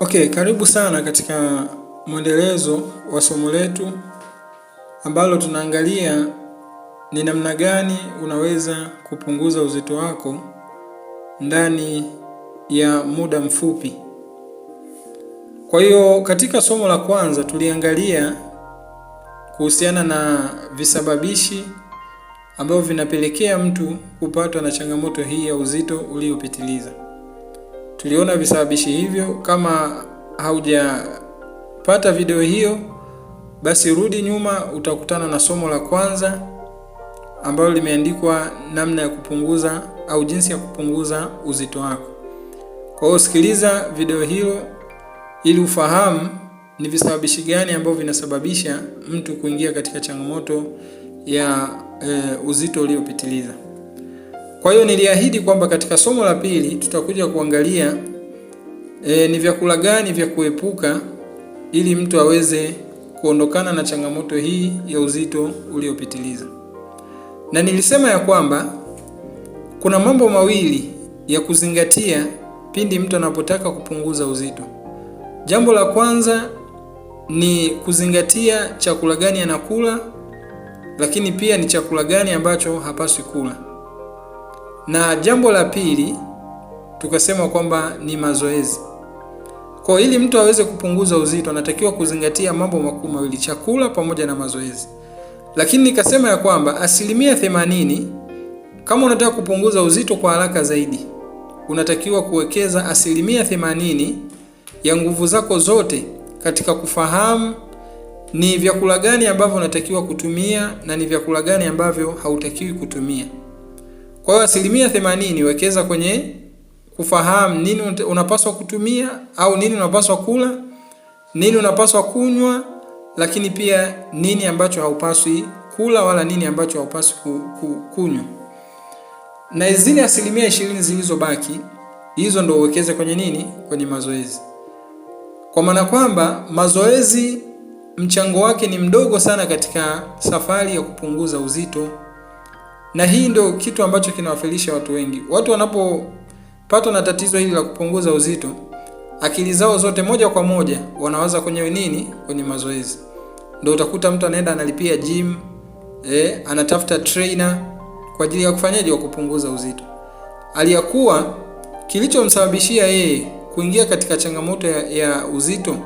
Okay, karibu sana katika mwendelezo wa somo letu ambalo tunaangalia ni namna gani unaweza kupunguza uzito wako ndani ya muda mfupi. Kwa hiyo katika somo la kwanza tuliangalia kuhusiana na visababishi ambavyo vinapelekea mtu kupatwa na changamoto hii ya uzito uliopitiliza. Tuliona visababishi hivyo. Kama haujapata video hiyo, basi rudi nyuma, utakutana na somo la kwanza ambalo limeandikwa namna ya kupunguza au jinsi ya kupunguza uzito wako. Kwa hiyo sikiliza video hiyo ili ufahamu ni visababishi gani ambavyo vinasababisha mtu kuingia katika changamoto ya e, uzito uliopitiliza. Kwa hiyo niliahidi kwamba katika somo la pili tutakuja kuangalia e, ni vyakula gani vya kuepuka ili mtu aweze kuondokana na changamoto hii ya uzito uliopitiliza. Na nilisema ya kwamba kuna mambo mawili ya kuzingatia pindi mtu anapotaka kupunguza uzito. Jambo la kwanza ni kuzingatia chakula gani anakula, lakini pia ni chakula gani ambacho hapaswi kula. Na jambo la pili tukasema kwamba ni mazoezi. Kwa ili mtu aweze kupunguza uzito anatakiwa kuzingatia mambo makuu mawili, chakula pamoja na mazoezi. Lakini nikasema ya kwamba asilimia themanini, kama unataka kupunguza uzito kwa haraka zaidi, unatakiwa kuwekeza asilimia themanini ya nguvu zako zote katika kufahamu ni vyakula gani ambavyo unatakiwa kutumia na ni vyakula gani ambavyo hautakiwi kutumia. Kwa hiyo asilimia themanini wekeza kwenye kufahamu nini unapaswa kutumia au nini unapaswa kula, nini unapaswa kunywa, lakini pia nini ambacho haupaswi kula wala nini ambacho haupaswi kunywa. Na zile asilimia ishirini zilizobaki hizo ndo uwekeze kwenye nini? Kwenye mazoezi, kwa maana kwamba mazoezi mchango wake ni mdogo sana katika safari ya kupunguza uzito na hii ndio kitu ambacho kinawafilisha watu wengi. Watu wanapopatwa na tatizo hili la kupunguza uzito, akili zao zote moja kwa moja wanawaza kwenye nini? Kwenye mazoezi. Ndio utakuta mtu anaenda analipia gym, eh, anatafuta trainer kwa ajili ya kufanyaje, wa kupunguza uzito, aliyakuwa kilichomsababishia yeye kuingia katika changamoto ya, ya uzito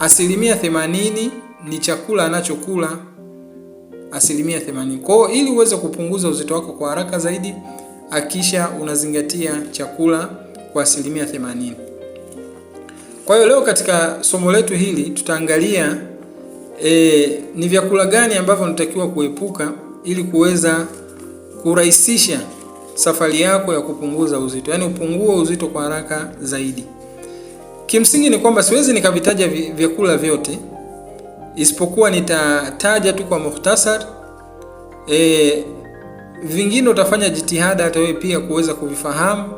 asilimia themanini ni chakula anachokula asilimia 80. Kwa hiyo ili uweze kupunguza uzito wako kwa haraka zaidi, akisha unazingatia chakula kwa asilimia 80. Kwa hiyo leo katika somo letu hili tutaangalia e, ni vyakula gani ambavyo unatakiwa kuepuka ili kuweza kurahisisha safari yako ya kupunguza uzito, yaani upungue uzito kwa haraka zaidi. Kimsingi ni kwamba siwezi nikavitaja vyakula vyote isipokuwa nitataja tu kwa mukhtasar. E, vingine utafanya jitihada hata wewe pia kuweza kuvifahamu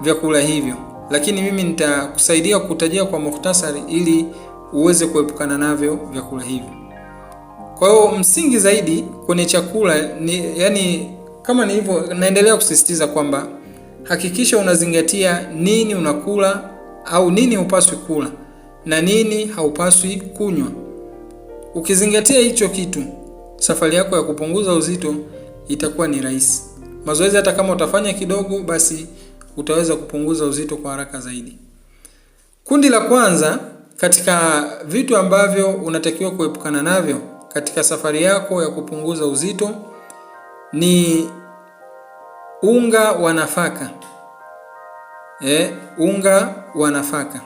vyakula hivyo, lakini mimi nitakusaidia kutajia kwa mukhtasari ili uweze kuepukana navyo vyakula hivyo. Kwa hiyo msingi zaidi kwenye chakula ni yani, kama nilivyo naendelea kusisitiza kwamba hakikisha unazingatia nini unakula au nini upaswi kula na nini haupaswi kunywa. Ukizingatia hicho kitu, safari yako ya kupunguza uzito itakuwa ni rahisi. Mazoezi hata kama utafanya kidogo, basi utaweza kupunguza uzito kwa haraka zaidi. Kundi la kwanza katika vitu ambavyo unatakiwa kuepukana navyo katika safari yako ya kupunguza uzito ni unga wa nafaka. Eh, unga wa nafaka.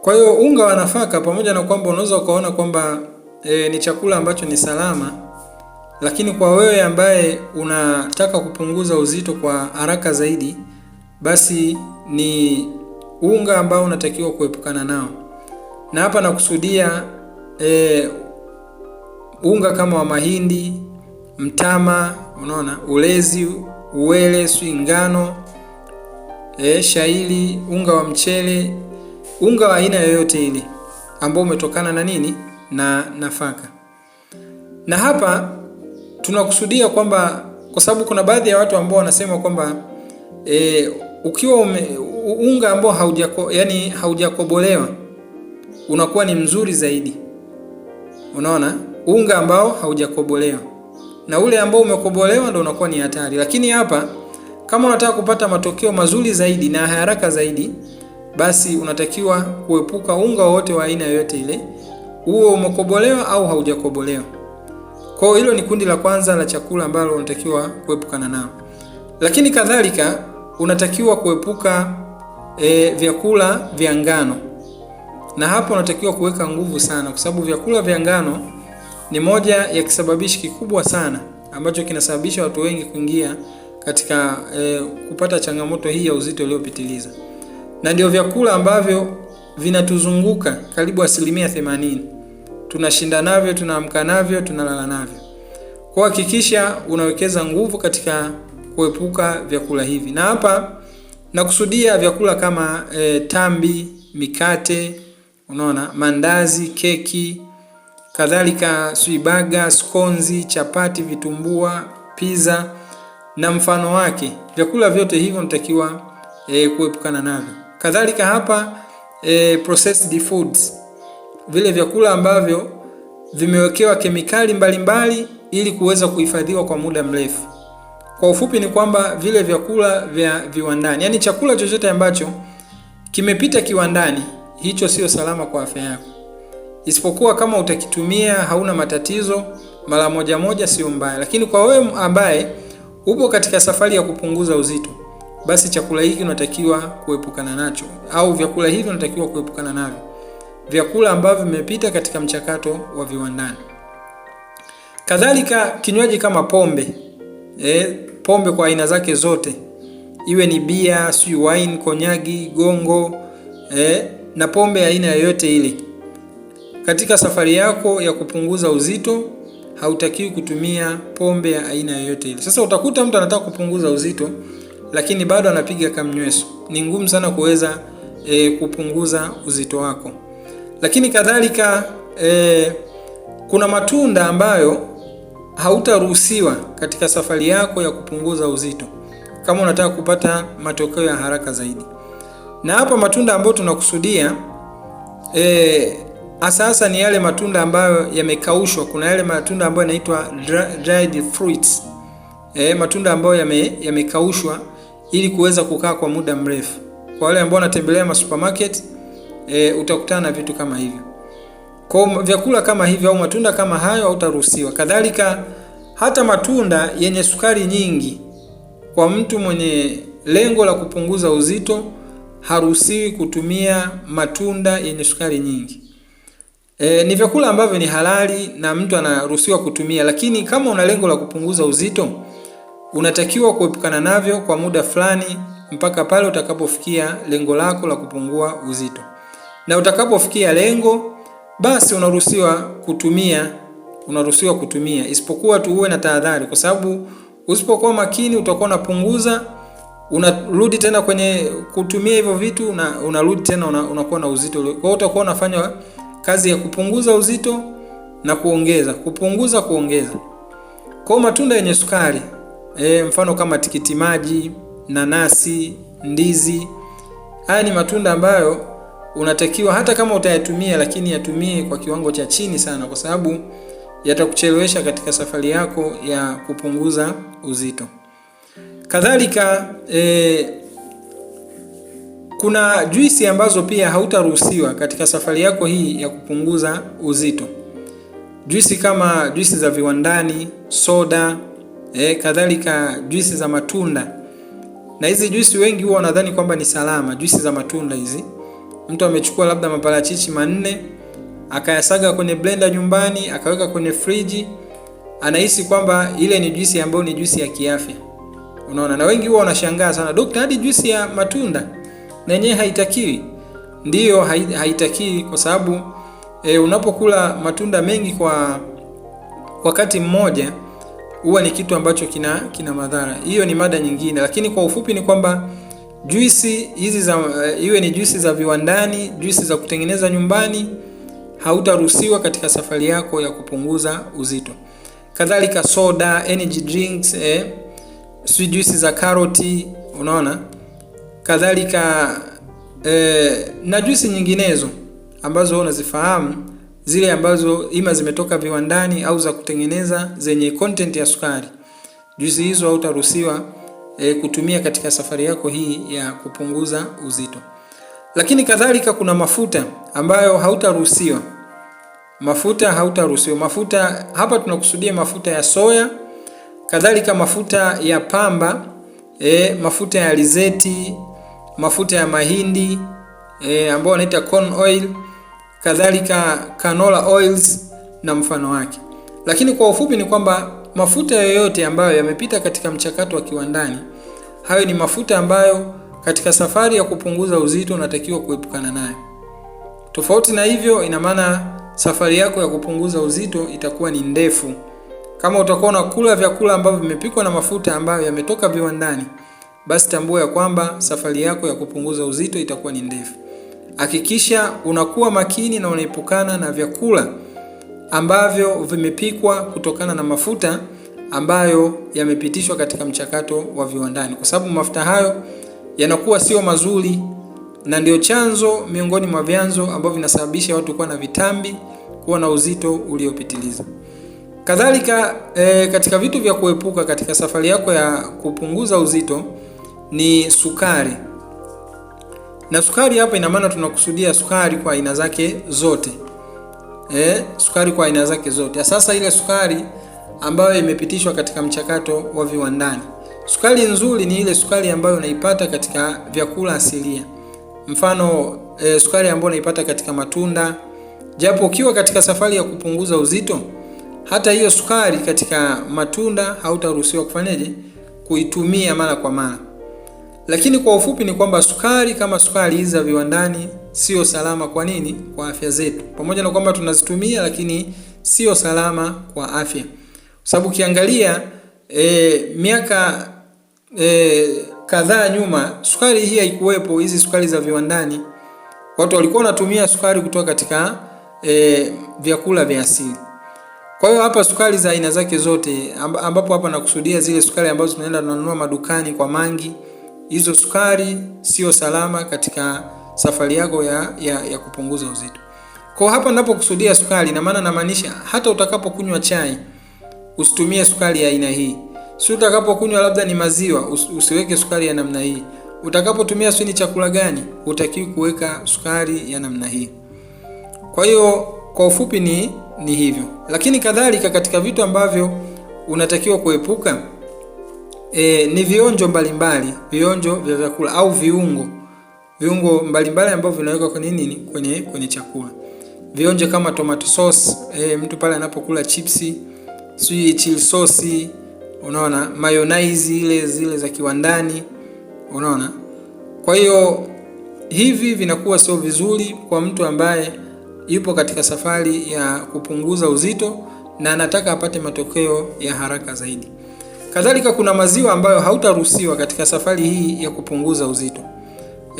Kwa hiyo unga wa nafaka pamoja na kwamba unaweza ukaona kwamba e, ni chakula ambacho ni salama, lakini kwa wewe ambaye unataka kupunguza uzito kwa haraka zaidi, basi ni unga ambao unatakiwa kuepukana nao, na hapa nakusudia e, unga kama wa mahindi, mtama, unaona ulezi, uwele, swingano e, shaili, unga wa mchele unga wa aina yoyote ile ambao umetokana na nini na nafaka. Na hapa tunakusudia kwamba kwa sababu kuna baadhi ya watu ambao wanasema kwamba e, ukiwa ume, unga ambao haujako, yani haujakobolewa unakuwa ni mzuri zaidi. Unaona, unga ambao haujakobolewa na ule ambao umekobolewa ndio unakuwa ni hatari. Lakini hapa kama unataka kupata matokeo mazuri zaidi na haraka zaidi basi unatakiwa kuepuka unga wowote wa aina yoyote ile, huo umekobolewa au haujakobolewa. Kwa hiyo hilo ni kundi la kwanza la chakula ambalo unatakiwa kuepukana nao, lakini kadhalika unatakiwa kuepuka e, vyakula vya ngano, na hapo unatakiwa kuweka nguvu sana, kwa sababu vyakula vya ngano ni moja ya kisababishi kikubwa sana ambacho kinasababisha watu wengi kuingia katika e, kupata changamoto hii ya uzito uliopitiliza na ndio vyakula ambavyo vinatuzunguka karibu asilimia themanini. Tunashinda navyo, tunaamka navyo, tunalala navyo. Kwa hakikisha unawekeza nguvu katika kuepuka vyakula hivi, na hapa nakusudia vyakula kama e, tambi, mikate, unaona, mandazi, keki kadhalika, swibaga, skonzi, chapati, vitumbua, pizza na mfano wake. Vyakula vyote hivyo natakiwa e, eh, kuepukana navyo. Kadhalika hapa e, processed foods, vile vyakula ambavyo vimewekewa kemikali mbalimbali mbali, ili kuweza kuhifadhiwa kwa muda mrefu. Kwa ufupi ni kwamba vile vyakula vya viwandani, yaani chakula chochote ambacho kimepita kiwandani, hicho sio salama kwa afya yako, isipokuwa kama utakitumia hauna matatizo mara moja moja, sio mbaya. Lakini kwa wewe ambaye upo katika safari ya kupunguza uzito basi chakula hiki unatakiwa kuepukana nacho, au vyakula hivi unatakiwa kuepukana navyo, vyakula ambavyo vimepita katika mchakato wa viwandani. Kadhalika kinywaji kama pombe eh, pombe kwa aina zake zote, iwe ni bia, si wine, konyagi, gongo eh, na pombe aina yoyote ile. Katika safari yako ya kupunguza uzito hautakiwi kutumia pombe ya aina yoyote ile. Sasa utakuta mtu anataka kupunguza uzito lakini bado anapiga kamnyweso, ni ngumu sana kuweza e, kupunguza uzito wako. Lakini kadhalika e, kuna matunda ambayo hautaruhusiwa katika safari yako ya kupunguza uzito kama unataka kupata matokeo ya haraka zaidi. Na hapa matunda ambayo tunakusudia e, asasa ni yale matunda ambayo yamekaushwa. Kuna yale matunda ambayo yanaitwa dried fruits e, matunda ambayo yamekaushwa yame ili kuweza kukaa kwa muda mrefu. Kwa wale ambao wanatembelea ma supermarket e, utakutana na vitu kama hivyo. Kwa vyakula kama hivyo au matunda kama hayo hautaruhusiwa. Kadhalika hata matunda yenye sukari nyingi, kwa mtu mwenye lengo la kupunguza uzito haruhusiwi kutumia matunda yenye sukari nyingi. E, ni vyakula ambavyo ni halali na mtu anaruhusiwa kutumia, lakini kama una lengo la kupunguza uzito unatakiwa kuepukana navyo kwa muda fulani mpaka pale utakapofikia lengo lako la kupungua uzito, na utakapofikia lengo basi unaruhusiwa kutumia, unaruhusiwa kutumia, isipokuwa tu uwe na tahadhari, kwa sababu usipokuwa makini utakuwa unapunguza, unarudi tena kwenye kutumia hivyo vitu na unarudi tena una, unakuwa na uzito. Kwa hiyo utakuwa unafanya kazi ya kupunguza uzito na kuongeza, kupunguza, kuongeza. Kwa matunda yenye sukari e, mfano kama tikiti maji, nanasi, ndizi. Haya ni matunda ambayo unatakiwa hata kama utayatumia, lakini yatumie kwa kiwango cha chini sana, kwa sababu yatakuchelewesha katika safari yako ya kupunguza uzito. Kadhalika e, kuna juisi ambazo pia hautaruhusiwa katika safari yako hii ya kupunguza uzito. Juisi kama juisi za viwandani, soda e, kadhalika juisi za matunda. Na hizi juisi wengi huwa wanadhani kwamba ni salama. Juisi za matunda hizi, mtu amechukua labda maparachichi manne akayasaga kwenye blender nyumbani akaweka kwenye friji, anahisi kwamba ile ni juisi ambayo ni juisi ya kiafya. Unaona, na wengi huwa wanashangaa sana, dokta, hadi juisi ya matunda na yenyewe haitakiwi? Ndiyo, haitakiwi kwa sababu e, unapokula matunda mengi kwa wakati mmoja huwa ni kitu ambacho kina kina madhara. Hiyo ni mada nyingine, lakini kwa ufupi ni kwamba juisi hizi za eh, iwe ni juisi za viwandani, juisi za kutengeneza nyumbani, hautaruhusiwa katika safari yako ya kupunguza uzito. Kadhalika soda, energy drinks, eh, si juisi za karoti, unaona kadhalika eh, na juisi nyinginezo ambazo unazifahamu zile ambazo ima zimetoka viwandani au za kutengeneza zenye content ya sukari. Juisi hizo hautaruhusiwa e, kutumia katika safari yako hii ya kupunguza uzito. Lakini kadhalika kuna mafuta ambayo hautaruhusiwa. Mafuta hautaruhusiwa. Mafuta hapa tunakusudia mafuta ya soya, kadhalika mafuta ya pamba, e, mafuta ya alizeti, mafuta ya mahindi e, ambayo wanaita corn oil kadhalika canola oils na mfano wake. Lakini kwa ufupi ni kwamba mafuta yoyote ambayo yamepita katika mchakato wa kiwandani, hayo ni mafuta ambayo katika safari ya kupunguza uzito unatakiwa kuepukana nayo. Tofauti na hivyo, ina maana safari yako ya kupunguza uzito itakuwa ni ndefu. Kama utakuwa unakula vyakula ambavyo vimepikwa na mafuta ambayo yametoka viwandani, basi tambua ya kwamba safari yako ya kupunguza uzito itakuwa ni ndefu. Hakikisha unakuwa makini na unaepukana na vyakula ambavyo vimepikwa kutokana na mafuta ambayo yamepitishwa katika mchakato wa viwandani, kwa sababu mafuta hayo yanakuwa sio mazuri na ndio chanzo miongoni mwa vyanzo ambavyo vinasababisha watu kuwa na vitambi, kuwa na uzito uliopitiliza. Kadhalika e, katika vitu vya kuepuka katika safari yako ya kupunguza uzito ni sukari na sukari hapa ina maana tunakusudia sukari kwa aina zake zote eh, sukari kwa aina zake zote. Sasa ile sukari ambayo imepitishwa katika mchakato wa viwandani. Sukari nzuri ni ile sukari ambayo unaipata katika vyakula asilia, mfano eh, sukari ambayo unaipata katika matunda. Japo ukiwa katika safari ya kupunguza uzito, hata hiyo sukari katika matunda hautaruhusiwa kufanyaje, kuitumia mara kwa mara. Lakini kwa ufupi ni kwamba sukari kama sukari hizi za viwandani sio salama. Kwa nini? Kwa afya zetu, pamoja na kwamba tunazitumia, lakini sio salama kwa afya, sababu ukiangalia e, miaka e, kadhaa nyuma sukari hii haikuwepo, hizi sukari za viwandani. Watu walikuwa wanatumia sukari kutoka katika e, vyakula vya asili. Kwa hiyo hapa sukari za aina zake zote, ambapo hapa nakusudia zile sukari ambazo tunaenda tunanunua madukani kwa mangi hizo sukari sio salama katika safari yako ya, ya, ya kupunguza uzito. Kwa hapa ninapokusudia sukari, na maana namaanisha hata utakapokunywa chai usitumie sukari ya aina hii, si utakapokunywa labda ni maziwa usiweke sukari ya namna hii, utakapotumia sio chakula gani utakiwi kuweka sukari ya namna hii. Kwa hiyo kwa ufupi ni, ni hivyo, lakini kadhalika katika vitu ambavyo unatakiwa kuepuka e, ni vionjo mbalimbali, vionjo vya vyakula au viungo, viungo mbalimbali ambavyo vinawekwa kwenye nini, kwenye kwenye chakula. Vionjo kama tomato sauce e, mtu pale anapokula chipsi, sijui chili sauce, unaona mayonnaise ile zile za kiwandani, unaona. Kwa hiyo hivi vinakuwa sio vizuri kwa mtu ambaye yupo katika safari ya kupunguza uzito na anataka apate matokeo ya haraka zaidi. Kadhalika kuna maziwa ambayo hautaruhusiwa katika safari hii ya kupunguza uzito.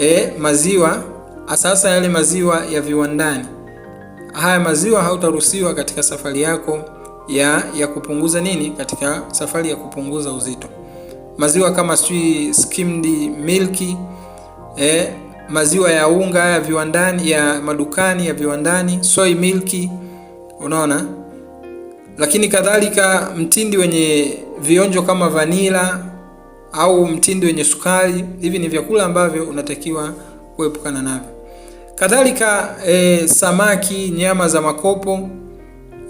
E, maziwa asasa yale maziwa ya viwandani. Haya maziwa hautaruhusiwa katika safari yako ya ya kupunguza nini, katika safari ya kupunguza uzito. Maziwa kama sijui skimmed milk, e, maziwa ya unga ya viwandani, ya madukani ya viwandani, soy milk, unaona lakini kadhalika mtindi wenye vionjo kama vanila au mtindi wenye sukari, hivi ni vyakula ambavyo unatakiwa kuepukana navyo. Kadhalika e, samaki, nyama za makopo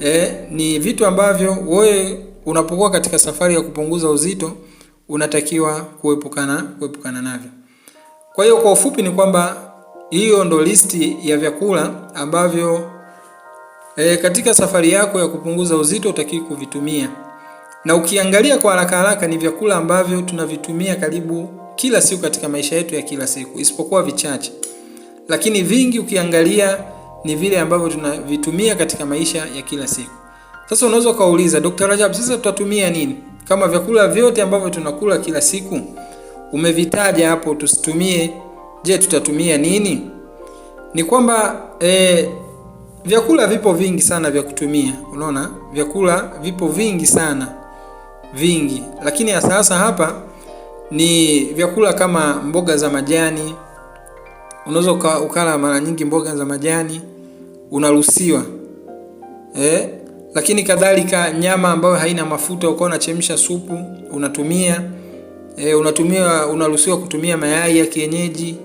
e, ni vitu ambavyo wewe unapokuwa katika safari ya kupunguza uzito unatakiwa kuepukana kuepukana navyo. Kwa hiyo kwa ufupi ni kwamba hiyo ndo listi ya vyakula ambavyo E, katika safari yako ya kupunguza uzito utaki kuvitumia, na ukiangalia kwa haraka haraka ni vyakula ambavyo tunavitumia karibu kila siku katika maisha yetu ya kila siku, isipokuwa vichache, lakini vingi ukiangalia ni vile ambavyo tunavitumia katika maisha ya kila siku. Sasa unaweza ukauliza Dr. Rajab, sasa tutatumia nini kama vyakula vyote ambavyo tunakula kila siku umevitaja hapo tusitumie? Je, tutatumia nini? Ni kwamba e, vyakula vipo vingi sana vya kutumia, unaona, vyakula vipo vingi sana vingi, lakini sasa hapa ni vyakula kama mboga za majani. Unaweza ukala mara nyingi mboga za majani, unaruhusiwa eh, lakini kadhalika nyama ambayo haina mafuta, ukawa unachemsha supu unatumia eh, unatumia, unaruhusiwa kutumia mayai ya kienyeji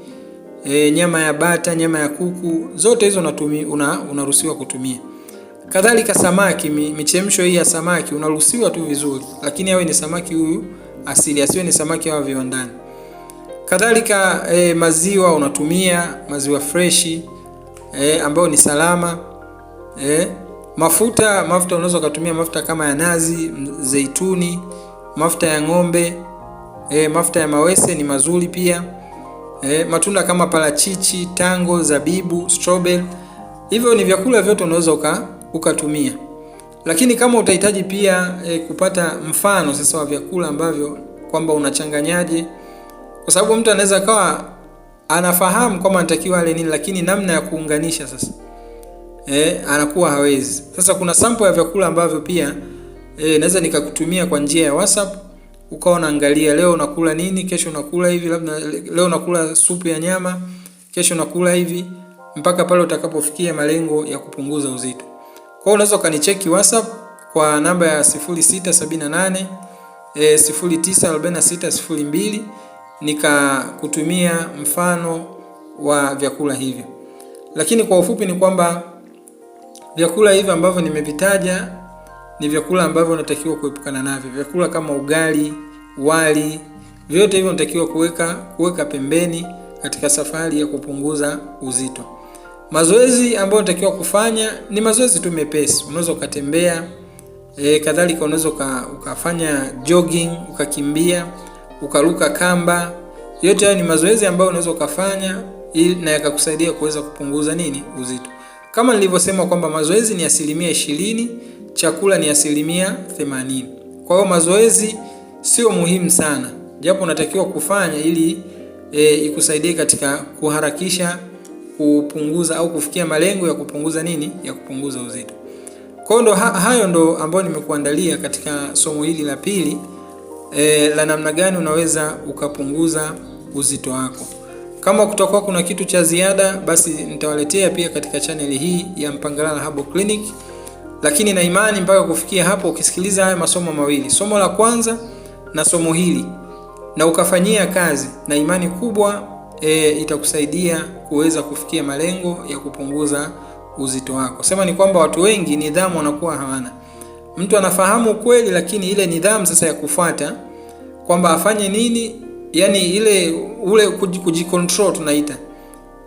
e, nyama ya bata, nyama ya kuku, zote hizo unatumia unaruhusiwa una kutumia. Kadhalika samaki, michemsho hii ya samaki unaruhusiwa tu vizuri, lakini awe ni samaki huyu asili, asiwe ni samaki wa viwandani. Kadhalika e, maziwa unatumia maziwa freshi e, ambayo ni salama e, mafuta mafuta unaweza ukatumia mafuta kama ya nazi, zeituni, mafuta ya ng'ombe e, mafuta ya mawese ni mazuri pia eh, matunda kama parachichi, tango, zabibu, strawberry. Hivyo ni vyakula vyote unaweza uka, ukatumia, lakini kama utahitaji pia eh, kupata mfano sasa wa vyakula ambavyo kwamba unachanganyaje, kwa sababu mtu anaweza kawa anafahamu kwamba anatakiwa ale nini, lakini namna ya kuunganisha sasa eh, anakuwa hawezi. Sasa kuna sample ya vyakula ambavyo pia eh, naweza nikakutumia kwa njia ya WhatsApp ukawa unaangalia leo unakula nini, kesho unakula hivi, labda leo unakula supu ya nyama, kesho unakula hivi, mpaka pale utakapofikia malengo ya kupunguza uzito. Kwa hiyo unaweza ukanicheki WhatsApp kwa namba ya 0678 e, 094602 nikakutumia mfano wa vyakula hivyo, lakini kwa ufupi ni kwamba vyakula hivi ambavyo nimevitaja ni vyakula ambavyo unatakiwa kuepukana navyo. Vyakula kama ugali, wali, vyote hivyo unatakiwa kuweka kuweka pembeni katika safari ya kupunguza uzito. Mazoezi ambayo unatakiwa kufanya ni mazoezi tu mepesi, unaweza ukatembea e, kadhalika unaweza uka, ukafanya jogging, ukakimbia, ukaruka kamba. Yote hayo ni mazoezi ambayo unaweza ukafanya ili na yakakusaidia kuweza kupunguza nini uzito. Kama nilivyosema kwamba mazoezi ni asilimia ishirini chakula ni asilimia 80. Kwa hiyo mazoezi sio muhimu sana, japo unatakiwa kufanya ili e, ikusaidie katika kuharakisha kupunguza au kufikia malengo ya kupunguza nini, ya kupunguza uzito. Kwa ndo ha, hayo ndo ambayo nimekuandalia katika somo hili la pili e, la namna gani unaweza ukapunguza uzito wako. Kama kutakuwa kuna kitu cha ziada, basi nitawaletea pia katika chaneli hii ya Mpangalala Herbal Clinic lakini na imani mpaka kufikia hapo. Ukisikiliza haya masomo mawili, somo la kwanza na somo hili, na ukafanyia kazi na imani kubwa e, itakusaidia kuweza kufikia malengo ya kupunguza uzito wako. Sema ni kwamba watu wengi nidhamu wanakuwa hawana. Mtu anafahamu kweli lakini ile nidhamu sasa ya kufuata kwamba afanye nini, yani ile ule kujicontrol tunaita,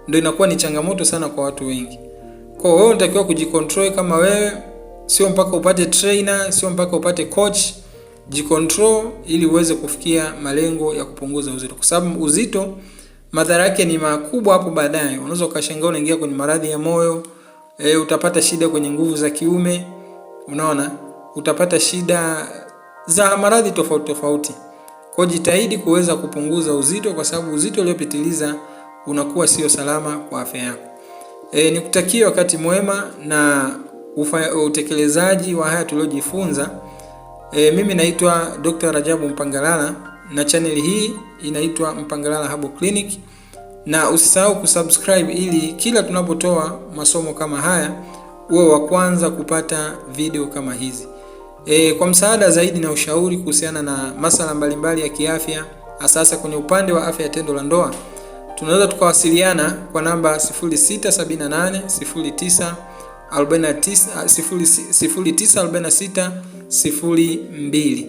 ndio inakuwa ni changamoto sana kwa watu wengi. Kwa hiyo wewe unatakiwa kujikontrol kama wewe sio mpaka upate trainer, sio mpaka upate coach. jikontrol ili uweze kufikia malengo ya kupunguza uzito, kwa sababu uzito madhara yake ni makubwa. Hapo baadaye unaweza ukashangaa unaingia kwenye maradhi ya moyo e, utapata shida kwenye nguvu za kiume, unaona, utapata shida za maradhi tofauti tofauti. Kwa jitahidi kuweza kupunguza uzito, kwa sababu uzito uliopitiliza unakuwa sio salama kwa afya yako. E, eh, nikutakia wakati mwema na utekelezaji wa haya tuliojifunza. E, mimi naitwa Dr. Rajabu Mpangalala na chaneli hii inaitwa Mpangalala Herbal Clinic, na usisahau kusubscribe ili kila tunapotoa masomo kama haya uwe wa kwanza kupata video kama hizi. E, kwa msaada zaidi na ushauri kuhusiana na masala mbalimbali ya kiafya, asasa kwenye upande wa afya ya tendo la ndoa, tunaweza tukawasiliana kwa namba 09 0946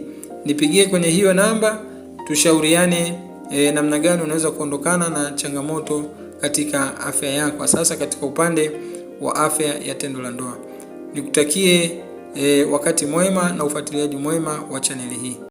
Nipigie kwenye hiyo namba tushauriane e, namna gani unaweza kuondokana na changamoto katika afya yako sasa, katika upande wa afya ya tendo la ndoa. Nikutakie e, wakati mwema na ufuatiliaji mwema wa chaneli hii.